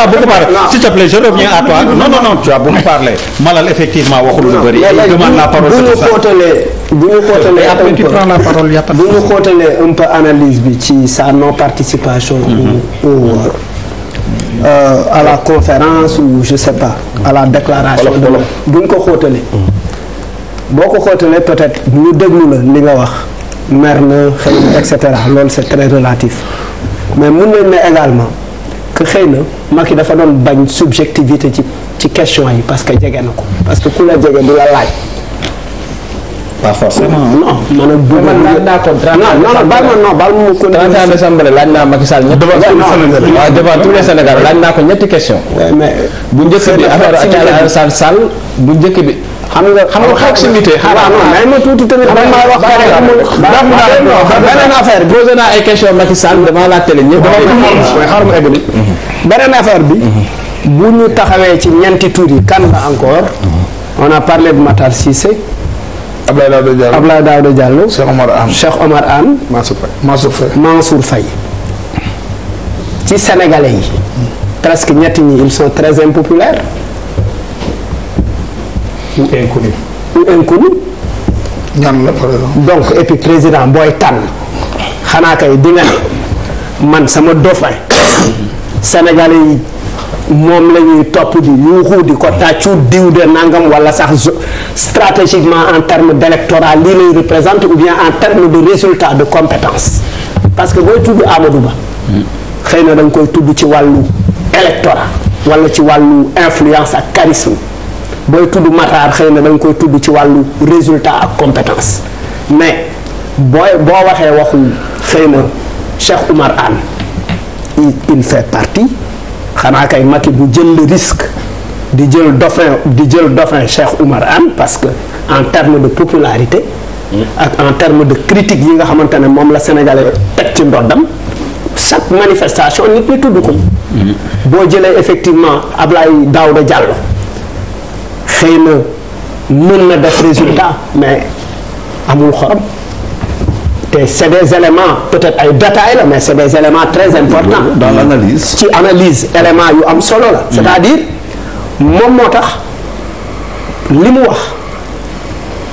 as beaucoup parlé s'il te Malal effectivement waxul lu bëri. demande la parole bu ñu xóotalee bu ñu xóotalee analyse bi ci sa non participation au mm-hmm. euh, euh, à la conférence ou je sais pas à la déclaration de bu ñu ko xóotalee boo ko xóotalee peut-être ñu déglu la li nga wax mer na xëy na loolu c'est très relatif mais mën nañ ne également que xëy na Macky dafa doon bañ subjectivité ci ci question yi parce que jege na ko parce que ku la jege du la laaj. pas forcément non maanaam ma laaj baal ma non baal ma ko. laaj naa Macky Sall ñetti. waaw devant tous les laaj naa ko ñetti question bu njëkk bi affaire Sall bu njëkk bi. xam nga xam nga proximité xaaral may ma tuuti tamit may wax beneen affaire bi posé naa ay question Macky Sall devant la télé ñëpp xaaral ma eggali mhm. beneen affaire bi mhm. bu ñu taxawee ci ñeenti tuur yi kan la encore mhm. on a parlé de Matar Cissé Abdoulaye Daouda Diallo Abdoulaye Daouda Diallo Cheikh Omar Anne Cheikh Omar Anne Mansour Faye Mansour Faye ci sénégalais yi presque ñetti ñi ils sont très impopulaires ou inconnu. ñan la donc et président booy tànn xanaa kay di nga ne man sama dauphin Sénégalais yi moom la topp bi yuuxu di ko tàccu diw de nangam wala sax stratégiquement en terme d' électorat lii lay représente ou bien en terme de résultat de compétence parce que booy tudd Amadou Ba. xëy na da koy tudd ci wàllu électorat wala ci wàllu influence ak charisme. booy tudd Matar xëy na da koy tudd ci wàllu résultat ak compétence mais booy boo waxee waxul xëy na Cheikh Oumar Anne il fait partie xanaa kay Macky bu jël le risque di jël dauphin di jël dauphin Cheikh Oumar Anne parce que en terme de popularité ak en terme de critique yi nga xamante ne moom la sénégalais teg ci ndoddam chaque manifestation nit ñi tudd ko mm-hmm. boo jëlee effectivement daaw Daouda Diallo xëy na mën na def résultat mais amul xorom te c' est des éléments peut-être ay détails la mais c' est des éléments très importants. dans l' analyse ci analyse éléments yu am solo la. Mmh. c' à dire moom moo tax li mu wax.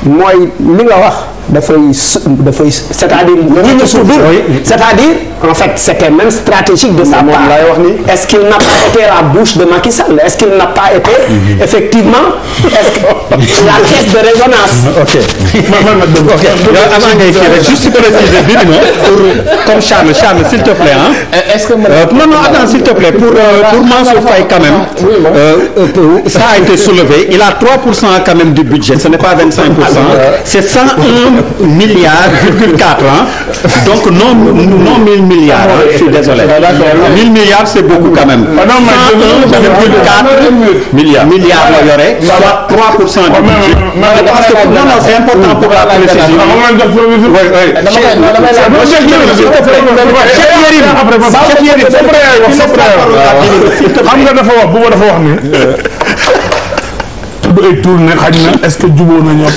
mooy li a wax dafay su dafay c'est-à-dire. ñi ñu souffrir c'est-à-dire en fait c'était même stratégique de sa part lay wax ni est-ce qu'il n'a pas été la bouche de Macky Sall est-ce qu'il n'a pas été mm-hmm. effectivement la caisse de résonance. ok man man man ok yow avant ngay kii rek juste préciser bi pour comme Charles Charles s'il te plaît ah. Euh, est euh, non non attends s'il te plaît pour euh, pour Mansour Faye quand même ça a été soulevé il a 3 pour cent quand même du budget ce n'est pas cent c'est cent un milliards virgule quatre donc non non mille milliards je suis désolé mille milliards c'est beaucoup quand même cent un virgule quatre milliards milliards la yore soit trois pour cent du budget parce que non non c'est important pour la précision Cheikh Yérim Cheikh Yérim xam nga dafa wax bu ma dafa wax ni du ay tour ne xaj na est-ce que jubóo na ñoom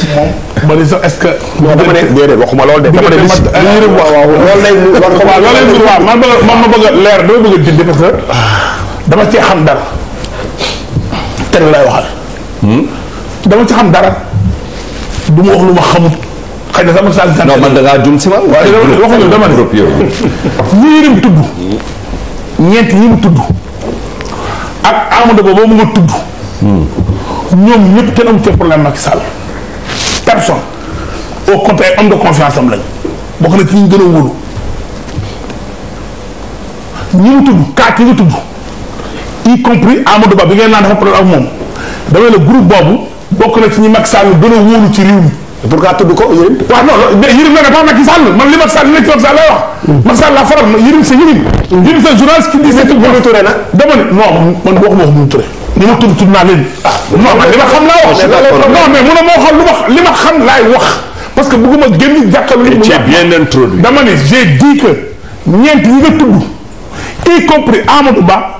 moom ce que. dama ne déedéet waxuma loolu de bëgg a leer dama bëgg a dindi parce dama cee xam dara teg lay waxal. Hmm? dama ci xam dara du ma wax lu ma xamut xëy na sama saal. non man da ngaa jum si ma. waaw waxuñu dama ne ñii lim tudd ñeent ñi mu tudd ak Amadou Ba boobu nga tudd. Hmm. ñoom ñëpp kenn am ci problème Macky Sall personne au contraire de confiance am lañ bokk na ci ñu gën a wóolu ñi mu tudd kaa ki nga tudd y compris Amadou Ba bi ngeen naan dafa problème ak moom damay la groupe boobu bokk na ci ñi Macky Sall gën a wóolu ci réew mi pourquoi tudd ko Yérim waaw non Yérim na ne pas Macky Sall man li Macky Sall nekk ci Macky Sall lay wax mm. la faral Yérim c'est Yérim mm. Yérim c'est journaliste qui dit c'est tout Mimi Touré nag dama man waxuma wax Mimi Touré ñu ma tudd tudd naa leen. Ah, non man li ma xam laa wax. Oh, non mais mu ne ma li ma xam laay wax parce que bëgguma génn jàkkaarloo. li mu wax bien introduit. dama ne j'ai dit que ñeent yi nga tudd y compris Amadou Ba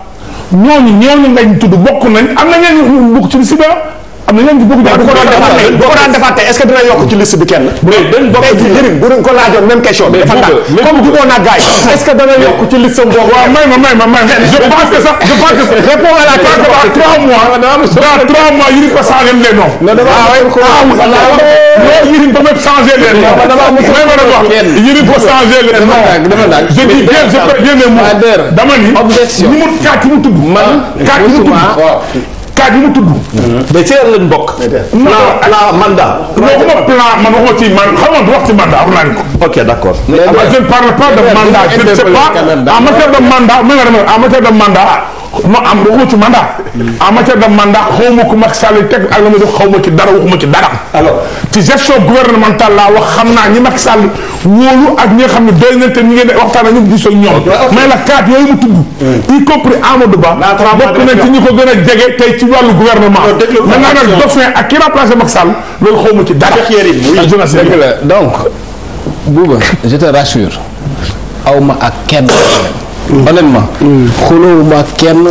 ñooñu ñooñu ngañ tudd bokk nañ am na ñenn ñu bokk ci li si ba. am na ñooñu bëgg bu ko doon defaat tey bu ko doon defaat tey est-ce que dina yokk ci liste bi kenn. mais dañ bokk ci njëriñ bu ko laajoon même question bi. dafa tànn comme jubóo naa gars yi est-ce que dana yokk ci liste boobu. waaw may ma may ma may je pense que sax je pense que. réponds à la question dans trois mois ah, dans trois mois Yérim ba changé leen noonu. non damaa amul ko ah, ah non Yérim ba même changé leen noonu. waaw damaa amul ko may ma la wax Yérim ba changé leen noonu. dama daan je dis bien je préviens les mots. dama ni. objection ni mu kàcc mu tudd. man kàcc mu tudd waaw. saag yi mu tudd. mais ci lan lañ bokk. la la mandat. ma non waxuma man waxuma ci man xam nga wax ci mandat am naa ko. ok d' accord. mais je ne parle pas de mandat je ne sais ma nga demee en matière de ma am waxuma ci mandat. en matière de mandat xaw ma ko Macky Sall teg ak la ma def xaw ma ci dara waxuma ci dara. alors ci gestion gouvernementale laa wax xam naa ñi Macky Sall wóolu ak ñi nga xam ne doy na te ñi ngeen waxtaan ak ñoom gisoo ñoom. mais la carte yooyu mu tudd. Hmm. y compris Amadou Ba. bokk na ci ñi ko gën a jege tey ci wàllu gouvernement. na nga nag dauphin ak ki remplacé Macky Sall loolu xaw ma ci dara. dëgg la donc Bouba je te rassure aw ma ak kenn honnêtement. xulóowu ma kenn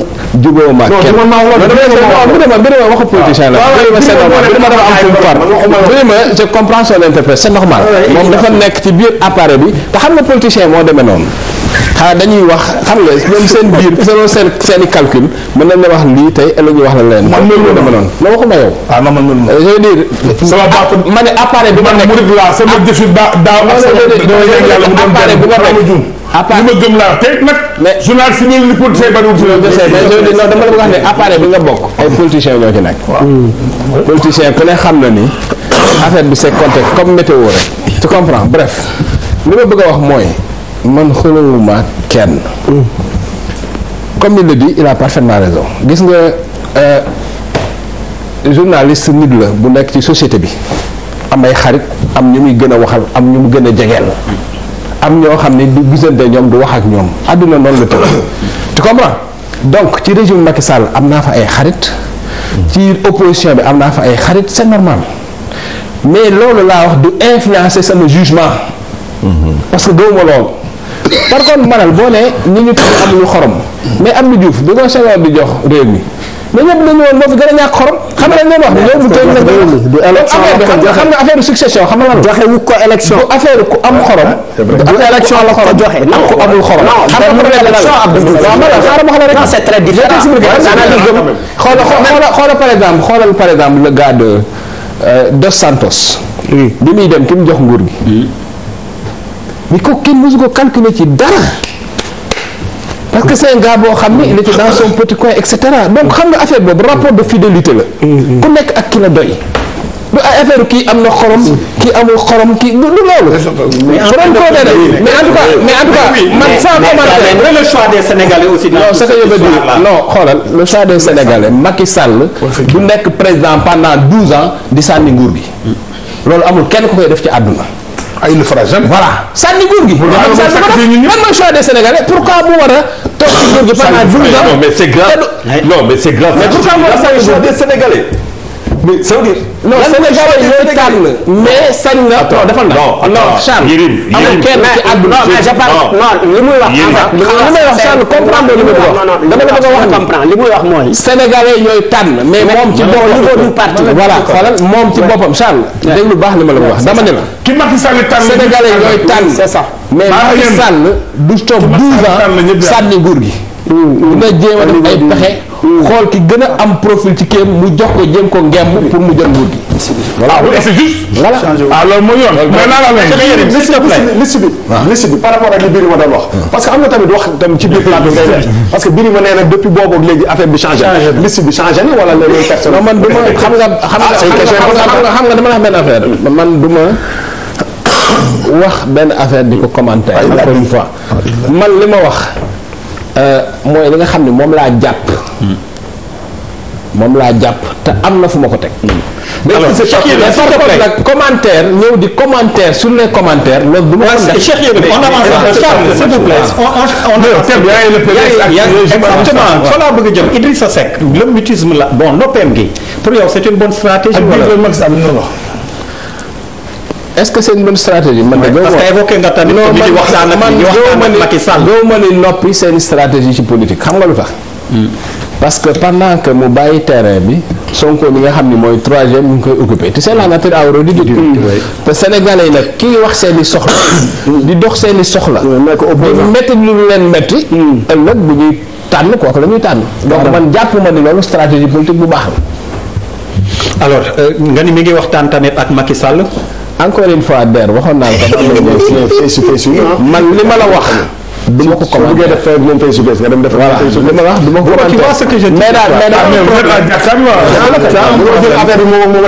jubóowu ma kenn. non man maa waxu politicien la. ma c'est normal bi dama am ma je comprends son interprète c'est normal. moom dafa nekk ci biir appareil bi te xam nga politicien moo demee noonu. xanaa dañuy wax xam nga seen biir selon seen seen i calcul mën nañ la wax lii tey ëllëg ñu wax la leneen. ma waxuma yow. waaw man man loolu ma. je veux dire. sama ma ne appareil bi ma nekk. man murid laa sama jëfi daa daa. appareil bi ma nekk appareil li ma gëm laa mais journaliste bi mais non a nga bokk. ay politiciens ñoo ci nekk. waaw hmm. politicien ku ne xam na ni affaire bi c'est compté comme météo rek. tu bref li ma bëgg a wax mooy man xulawuma kenn. Hmm. comme il le dit il a parfaitement raison gis nga euh, journaliste nit la bu nekk ci société bi am ay xarit am ñu muy gën a waxal am ñu mu gën a jegeel. am ñoo xam ne du gisante ñoom du wax ak ñoom àdduna noonu la tëdd tu comprends donc ci régime Macky Sall am naa fa ay xarit ci opposition bi am naa fa ay xarit c'est normal mais loolu laa wax du influencer sama jugement parce que gëwuma loolu par contre manal boo ne ñi ñu tudd amuñu xorom mais am na Diouf bi ko Senghor di jox réew mi mais ñëpp dañoo moo fi gën a ñàkk xorom xam nga leen wax ñoom tey nag xam nga affaire succession xam nga lan joxe ñu ko élection bu affaire ku am xorom ah, du élection la ko joxe ak ku amul xorom xam nga problème la waaw ma xaaral ma xala rek c'est très différent xoola xoola par exemple xoolal par exemple le gars de euh, Dos Santos bi muy dem ki mu jox nguur gi mais ko kenn mosu ko calculer ci dara parce que c'est un boo xam ni il était dans son petit coin et cetera donc xam nga affaire boobu rapport de fidélité la. Mm-hmm. ku nekk ak ki la doy. du ay affaire kii am na xorom. kii amul xorom kii du loolu. mais en tout cas mais en tout cas mais en tout cas man sans commentaire. mais le choix des sénégalais aussi. non ce que je veux dire non xoolal du nekk président pendant douze ans di sànni nguur bi loolu amul kenn ku koy def ci àdduna. ay le fera jamais. voilà sànni góor gi. loolu alal mooy lan mooy choix des sénégalais pourquoi mu war a toog ci góor gi. sànni non mais c'est grave. non mais c'est grave. mais pourquoi mu war a sànni choix des sénégalais. mais ça veut dire. non Sénégal ñooy tànn mais na. non dafa na non Charles. yëriñ yëriñ kenn ci àdduna. non mais je parle non li muy wax. a wax comprendre li muy wax mooy. Sénégalais ñooy tànn mais moom ci niveau du parti. voilà moom ci boppam Charles. dégg lu baax li ma la wax dama ne la. ki Macky Sall tànn Sénégalais ñooy tànn. c'est ça mais Macky Sall du toog 12 ans sànni nguur gi. dina a def ay gën a am profil ci kéem mu jox ko jéem ko ngemb mu jël nguur gi. voilà loolu ah c'est juste. voilà ah loolu mooy yoon. mais naa la léegi liste bi ah. liste bi par rapport ak li Birima doon wax. Ah. parce que xam nga tamit wax tam ci biir plateau parce que Birima nee na depuis boobu ak léegi affaire bi changé na. liste bi changé na wala leneen personne. man du xam nga dama la wax benn affaire man du ma wax benn affaire di ko commenter man li ma wax. Euh, mooy li nga xam ne moom laa jàpp. moom laa jàpp te am na fu ma ko teg. alors Cheikh Yérim nag commentaire ñëw di commentaire sur les commentaires loolu du ma ko def. Cheikh Yérim on avance Charles s'il vous plaît. exactement fa laa bëgg a jëm Idrissa Seck. le mutisme la bon noppeem gi pour yow c'est une bonne stratégie. Ah, wala ak est-ce que c'est une bonne stratégie. man de parce que évoqué nga tamit. ñu di waxtaan ak ñu waxtaan ak Macky Sall man man noppi seen stratégie ci politique xam nga lu tax. Hmm. parce que pendant que mu bàyyi terrain bi Sonko bi nga xam ni mooy troisième mu ngi koy occupé te c'est la hmm. nature à redire. Hmm. te Sénégalais yi nag kii wax seen i soxla. di dox seen i soxla. nekk opposant di métti lu leen métti. ëllëg bu ñuy tànn kooku la ñuy tànn. donc man jàpp ma ni loolu stratégie politique bu baax la. alors euh, nga ni mi ngi waxtaan tamit ak Macky Sall. encore une fois Der waxoon naa la ko. man li ma la wax. du ma ko commenté soo def moom face to face nga dem def. voilà li ma la wax du ma ko commenté. tu vois ce que je dis. Ah, mais daal mais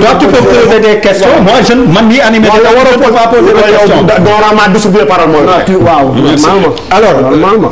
daal mais tu peux poser des questions. moi je man mii animé. waaw yow waroo poser des questions. Ah, waaw yow maa distribué parole mooy. waaw waaw alors.